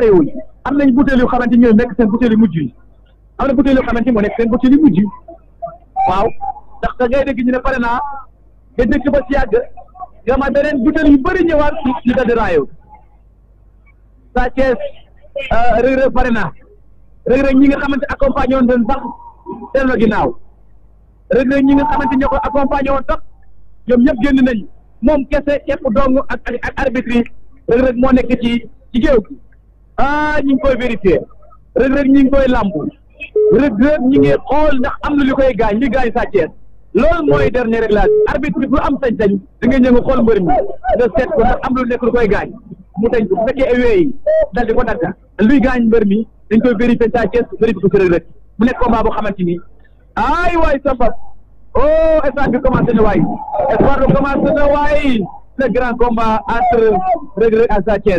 réew yi am nañ butéel yu xamante ñooy nekk seen butéel yu mujj yi am na butéel yu xamante moo nekk seen butéel yu mujj waaw ndax da ngay dégg ñu ne pare naa nga dëkk ba si yàgg nga ma beneen butéel yu bëri ñëwaat ci ñu daldi raayo sa Thiès euh, rëg rëg pare naa rëg rëg ñi nga xamante accompagné woon seen sax seen la ginnaaw rëg rëg ñi nga xamante ñoo ko accompagné woon sax ñoom ñëpp nañ moom kese képp dong ak ak arbitre rëg rëg moo nekk ci ci géew ah ñu ngi koy vérifier Reug Reug ñu ngi koy làmb Reug Reug ñu xool ndax am na lu koy gaañ li gaañ Sa Thiès loolu mooy dernier réglage arbitre bi pour am sañ-sañ da nga ñëw xool mbër mi nga seet ko ndax am lu nekk lu koy gaañ mu dañ ko bu fekkee awee yi dal di ko dagga luy gaañ mbër mi dañ koy vérifier Sa Thiès vérifier ko si Reug Reug mu nekk combat boo xamante ni ay waay sambat oh stade bi commencé na waay stade bi commencé na waay le grand combat entre Reug Reug ak Sa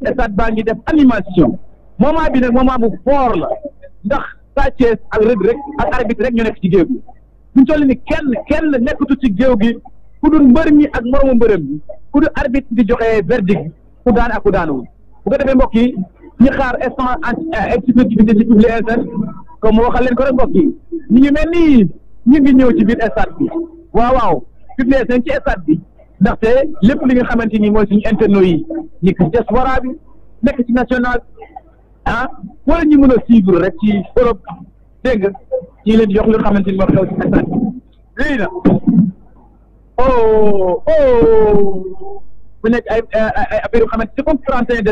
stade baa ngi def animation moment bi nag moment bu fort la ndax Sa Thiès ak Reug rek ak arbitre rek ñu nekk ci géew gi buñ toll ni kenn kenn nekkatu ci géew gi ku dul mbër mi ak moromu mbërëm bi ku dul arbitre di joxe verdict ku daan ak ku daanuwul bu ko defee mbokk yi ñu xaar instant euh, exclusivité ci public SN comme waxal leen ko rek mbokk yi ñu ngi mel ni ñu ngi ñëw ci biir stade bi waaw waaw public SN ci stade bi. ndaxte lépp li nga xamante ni mooy suñu interno yi nekk ci diaspora nekk ci national ah wala ñu mën a suivre rek ci Europe dégg nga leen di jox li nga xamante ni moo xew ci instant oh oh bu nekk ay ay affaire yoo xamante ni comme 31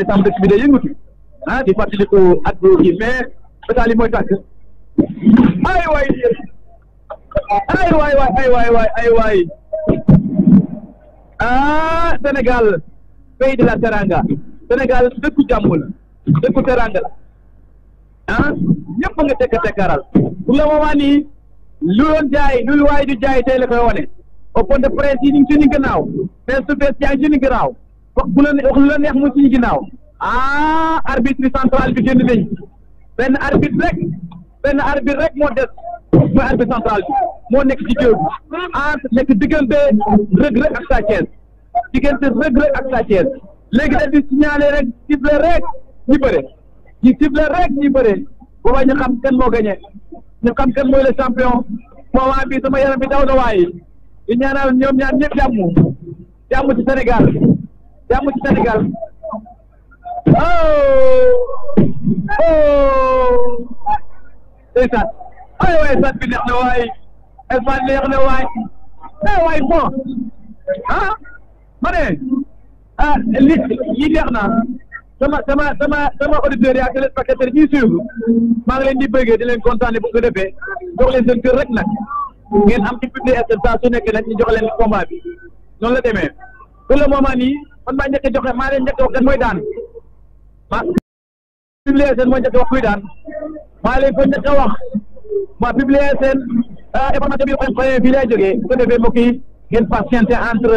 décembre ah. bi day yëngatu ah di fàttaliku at bu kii ay ay waay waay ay waay ah Sénégal pays de la teranga Sénégal dëkku jàmm la dëkku teranga la ah ñëpp nga tekk tekkaaral pour le moment nii lu doon jaay lu waay du jaay tey la koy wane open de presse yi ñu ngi suñu gannaaw face la neex mu suñu gannaaw ah arbitre central bi génn nañ benn arbitre rek benn arbitre rek moo des mooy arbitre central bi moo nekk ci géew nekk diggante Reug-Reug ak Sa Thiès diggante reug ak Sa Thiès léegi dañ di signalé rek sifflé rek ñi bëre ñi sifflé rek ñi bëre boobaa ñu xam kan moo gagné ñu xam kan mooy le champion moment bi sama yaram bi daw na waaye di ñaanal ñoom ñaar ñëpp jàmm jàmm ci Sénégal jàmm ci Sénégal oh oh. ndeysaan bi neex na waay Alpha neex na waay eh waay bon ah ma ne ah li lii neex na sama sama sama sama auditeurs yi ak téléspectateurs yi ñuy suivre maa ngi leen di bëggee di leen kontaanee bu ko defee jox leen seen kër rek nag ngeen am ci publicité saa su nekk nag ñu jox leen combat bi noonu la demee pour le moment nii man maa njëkk a joxe maa leen njëkk a wax daan ma publicité seen mooy daan maa leen ko njëkk a wax ma publicité Euh, information bi xoy xoy fii lay jógee joge ko defee mbokk yi ngeen patienté entre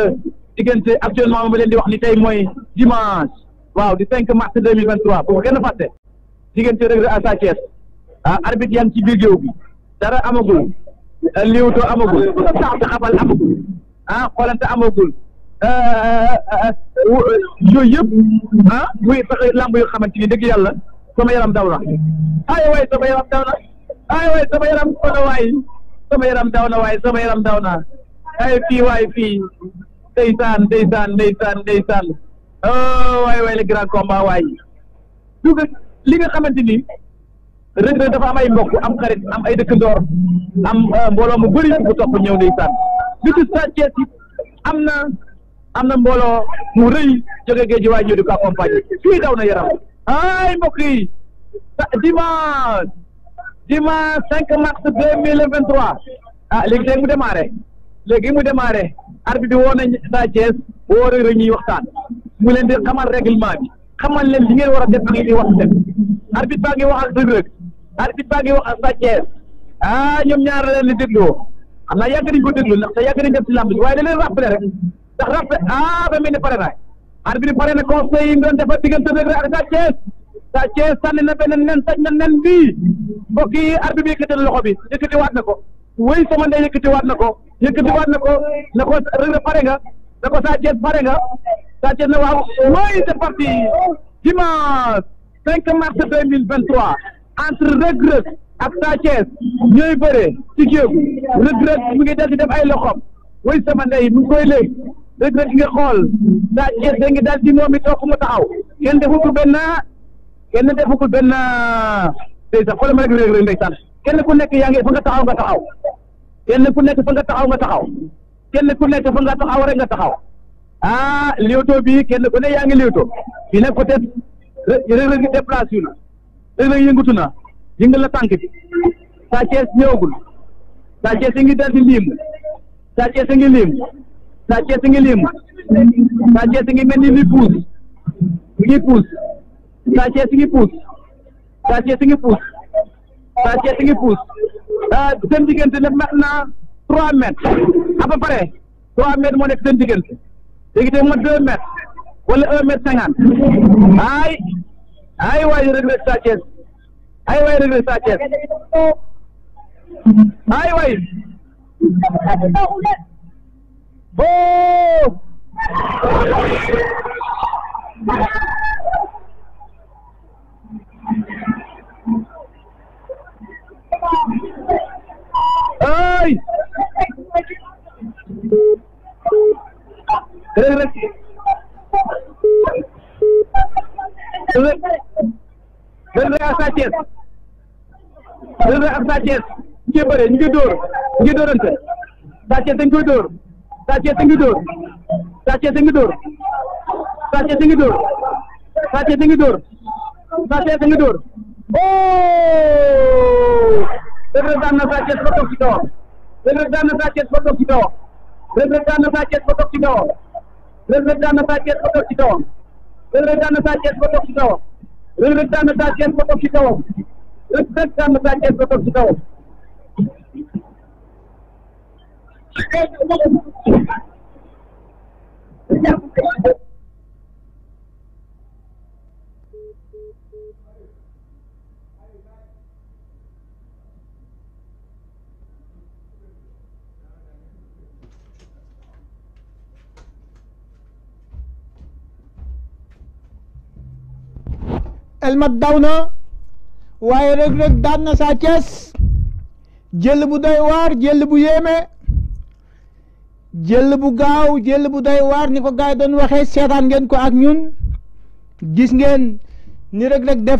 diggante actuellement ma leen di wax ni tey mooy dimanche waaw di cinq mars de mille vingt trois bu ko kenn fàtte diggante Reug Reug ak Sa Thiès ah arbitre yaa ci biir géew bi dara amagul euh, liwto amagul a amagul ah xoolante amagul euh, yooyu yëpp ah muy fexe lamb yu xamante ni dëgg yàlla sama yaram daw na ay waay sama yaram daw na ay waay sama yaram kono waay sama yaram daw na sama yaram na ay fii waay fii ndeysaan ndeysaan ndeysaan ndeysaan oh waay waay le grand combat waay du li nga xamante Reug Reug dafa am ay mbokk am xarit am ay am euh, mbooloo mu bëri bu topp ñëw ndeysaan li ko am na mu di ko accompagner fii daw yaram ay mbokk yi dimanche dimanche 5 mars 2023 ah léegi tey mu démarré léegi mu démarré arbitre bi woo na Sa Thiès woo Reug Reug ñuy waxtaan mu leen di xamal règlement bi xamal leen li ngeen war a def ak li ñuy wax baa ngi wax ak Reug Reug arbitre baa ngi wax ak Sa Thiès ah ñoom ñaar leen di dégloo xam naa yàgg nañ ko déglu ndax te yàgg nañ def ci làmb waaye da leen rappelé rek ndax rappelé ah ba mel ni pare na arbitre pare na conseil yi mu doon defar diggante Reug Reug ak Sa Thiès sànni na benn nen saj na nen bi mbokk yi arbitre bi yëkkati loxo bi yëkkati waat na ko wéy sama ndey yëkkati waat na ko yëkkati waat na ko na ko Reug Reug nga na ko Sa Thiès pare nga Sa Thiès na waaw wéy c'est parti dimanche 5 mars 2023 entre Reug Reug ak Sa Thiès ñooy bëre ci géegu Reug Reug mu ngi dal di def ay loxoom wéy sama ndey mu ngi koy léeg Reug nga xool Sa Thiès da ngi dal di moom it toog mu taxaw kenn ko benn kenn defagul benn ndeysaan xoolal ma rek Reug Reug ndeysaan kenn ku nekk yaa ngi fa nga taxaw nga taxaw kenn ku nekk fa nga taxaw nga taxaw kenn ku nekk fa nga taxaw rek nga taxaw ah liwto bi kenn ku ne yaa ngi liwto fii nag peut-être Reug Reug gi déplacé yu na Reug Reug yëngatu na yëngal na tànk bi Sa Thiès ñëwagul Sa Thiès a ngi dal di liim Sa Thiès a ngi liim Sa Thiès a ngi liim Sa Thiès a ngi mel ni luy puus mi ngi puus Sathies ngi puus Sathies ngi puus Sathies ngi puus euh, seen diggante na maintenant trois mètres à peu près trois mètres moo nekk seen diggante léegi tey moo deux mètres wala ay ay waay Reug Reug Sathies ay waay Reug Reug Sathies ay waay oh le ak Sa Thiès le ak Sa Thiès ñu ngi bëre ñu ngi dóor ñu ngi dóorante Sa Thiès dañ koy dóor Sa Thiès dañ koy dóor Sa Thiès dañ koy dóor Sa Thiès dañ koy dóor Reug-Reug daan na Sa Thiès ba toog ci kawam Reug-Reug daan na Sa Thiès ba toog ci kawam Reug-Reug daan na Sa Thiès ba toog ci kawam Thank you. elmat daw na waaye rëg-rëg daan na Sa Thiès jël bu doy waar jël bu yéeme jël bu gaaw jël bu doy waar ni ko gars doon waxee seetaan ngeen ko ak ñun gis ngeen ni rëg-rëg def